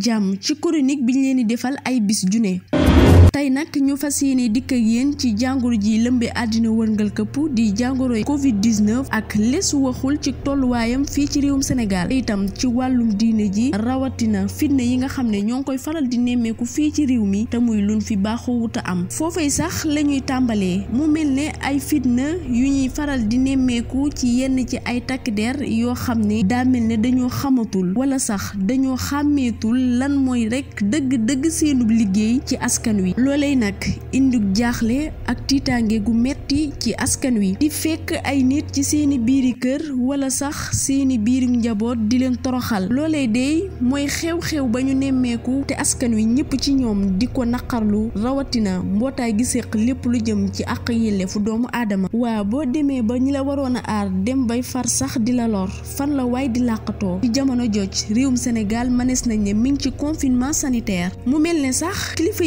jàmm ci chronique bi ñu leen di defal ay bis ju ne tey nag ñu fas yéene dikk ak yéen ci jàngoro ji lëmbee àddina wërngal këpp di jàngoro Covid 19 ak lees waxul ci tolluwaayam fii ci réewum Sénégal itam ci wàllum diine ji rawatina fitna yi nga xam ne ñoo ngi koy faral di nemmeeku fii ci réew mi te muy luñ fi baaxoo wuta am foofay sax la ñuy tàmbalee mu mel ne ay fitna yu ñuy faral di nemmeeku ci yenn ci ay takk der yoo xam ne daa mel ne dañoo xamatul wala sax dañoo xàmmeetul lan mooy rekk dëgg-dëgg seenub liggéey ci askan wi. loolee nag indi jaaxle ak tiitaange gu metti ci askan wi di fekk ay nit ci seeni biiri kër wala sax seeni biiri njaboot di leen toroxal loolee dey mooy xew-xew ba ñu nemmeeku te askan wi ñëpp ci ñoom di ko naqarlu rawatina mbootaay gi séq lépp lu jëm ci àq yelleefu doomu aadama waa boo demee ba ñi la waroon a aar dem bay far sax di la lor fan la waay di làqatoo ci jamono joj réewum Sénégal mënees nañ ne mi ngi ci confinement sanitaire mu mel ne sax kilifa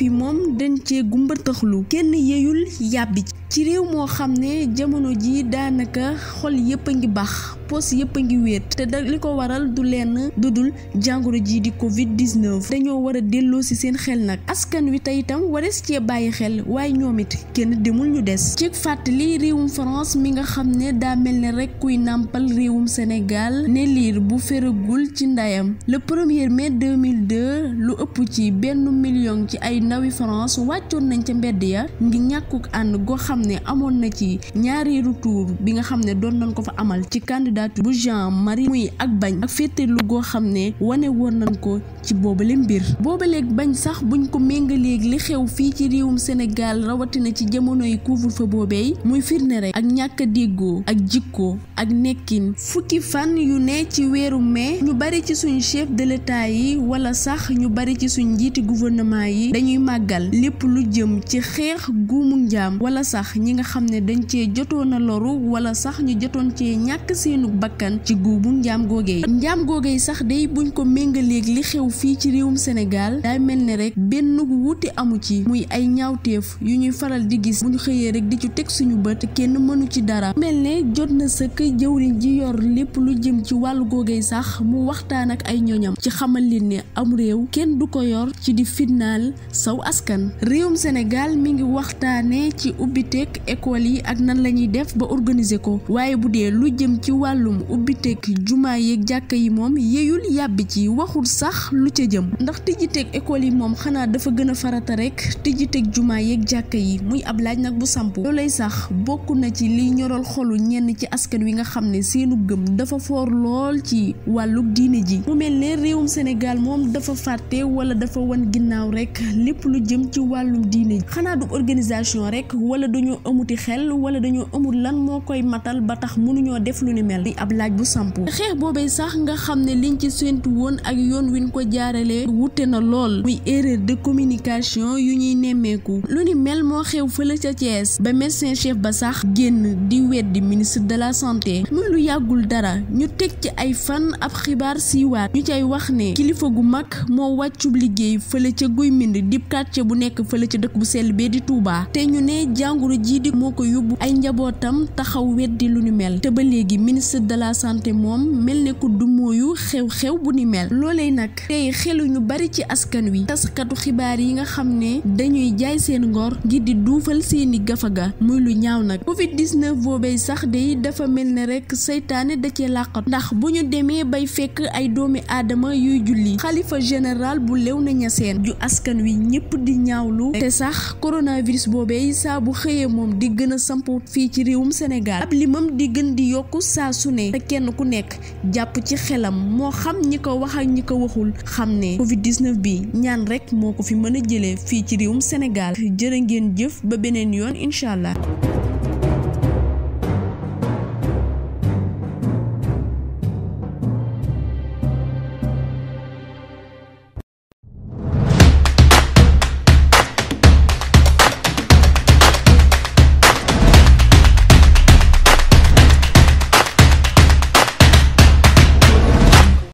fii moom dañ cee gumba tëxlu kenn yeyul yàbbi ci réew moo xam ne jamono ji daanaka xol yépp a ngi baax poos yépp a ngi wéet te da li ko waral du lenn dudul jàngoro ji di covid 19 dañoo war a delloo ci seen xel nag askan wi tey itam warees cee bàyyi xel waaye ñoom it kenn demul ñu des cig fàttali réewum France mi nga xam ne daa mel ne rek kuy nàmpal réewum senegal ne liir bu feragul ci ndayam le premier mai lu ëpp ci benn million ci ay ndawi France wàccoon nañ ca mbedd ya ngir ñàkkuk ànd goo xam ne amoon na ci ñaareelu tour bi nga xam ne doon nañ ko fa amal ci candidature bu Jean-Marie muy ak bañ ak féeteelu goo xam ne wane woon nañ ko ci boobale mbir boobaleeg bañ sax buñ ko méngaleeg li xew fii ci réewum Sénégal rawatina ci jamono yi couvre fa boobee muy firnde rek ak ñàkk a déggoo ak jikko ak nekkin fukki fan yu ne ci weeru mai ñu bari ci suñu chef de l'État yi wala sax ñu bari ci suñ njiiti gouvernement yi màggal lépp lu jëm ci xeex guumu njaam wala sax ñi nga xam ne dañ cee jotoon a loru wala sax ñu jotoon cee ñàkk seenug bakkan ci guumu njaam googee njaam googee sax day buñ ko méngaleeg li xew fii ci réewum Sénégal daay mel ne rek benn wuute amu ci muy ay ñaawteef yu ñuy faral di gis bu ñu xëyee rek di ci teg suñu bët kenn mënu ci dara mel ne jot na sëkk jëwriñ ji yor lépp lu jëm ci wàllu googee sax mu waxtaan ak ay ñoñam ci xamal leen ne am réew kenn du ko yor ci di fitnaal askan réewum Sénégal mi ngi waxtaane ci ubbiteeg école yi ak nan la ñuy def ba organiser ko waaye bu dee lu jëm ci wàllum ubbiteeg jumaa yeeg jàkka yi moom yeyul yàbbi ci waxul sax lu ca jëm ndax tijjiteeg école yi moom xanaa dafa gën a farata rek tijjiteeg jumaa yeeg jàkka yi muy ab laaj nag bu samp loolay sax bokk na ci liy ñoral xolu ñenn ci askan wi nga xam ne seenu gëm dafa foor lool ci wàllu diine ji mu mel ne réewum Sénégal moom dafa fàtte wala dafa wan ginnaaw rek lu jëm ci wàllum diine xanaa du organisation rek wala dañoo amuti xel wala dañoo amul lan moo koy matal ba tax mënuñoo def lu ni mel di ab laaj bu sampu xeex boobee sax nga xam ne liñ ci séntu woon ak yoon win ko jaaralee wute na lool muy erreur de communication yu ñuy nemmeeku lu ni mel moo xew fële ca Thiès ba médecin chef ba sax génn di weddi ministre de la santé muy lu yàggul dara ñu teg ci ay fan ab xibaar siiwaat ñu cay wax ne kilifa gu mag moo wàccub liggéey fële quartier bu nekk fële ci dëkk bu sell bee di Touba te ñu ne jàngoro jii di moo ko yóbbu ay njabootam taxaw weddi lu ni mel te ba léegi ministre de la santé moom mel ne ku du mooyu xew-xew bu ni mel loolee nag tey xelu ñu bari ci askan wi taskatu xibaar yi nga xam ne dañuy jaay seen ngor ngir di duufal seeni gafaga muy lu ñaaw nag covid 19 boobee sax day dafa mel ne rek seytaane da cee làqat ndax bu ñu demee bay fekk ay doomi aadama yuy julli xalifa général bu lew na ñëpp di ñaawlu te sax coronavirus boobee saa bu xëyee moom di gën a samp fii ci réewum Sénégal ab limam di gën di yokku saa su ne te kenn ku nekk jàpp ci xelam moo xam ñi ko wax ak ñi ko waxul xam ne Covid bi ñaan rek moo ko fi mën a jëlee fii ci réewum Sénégal jërë ngeen jëf ba beneen yoon incha allah.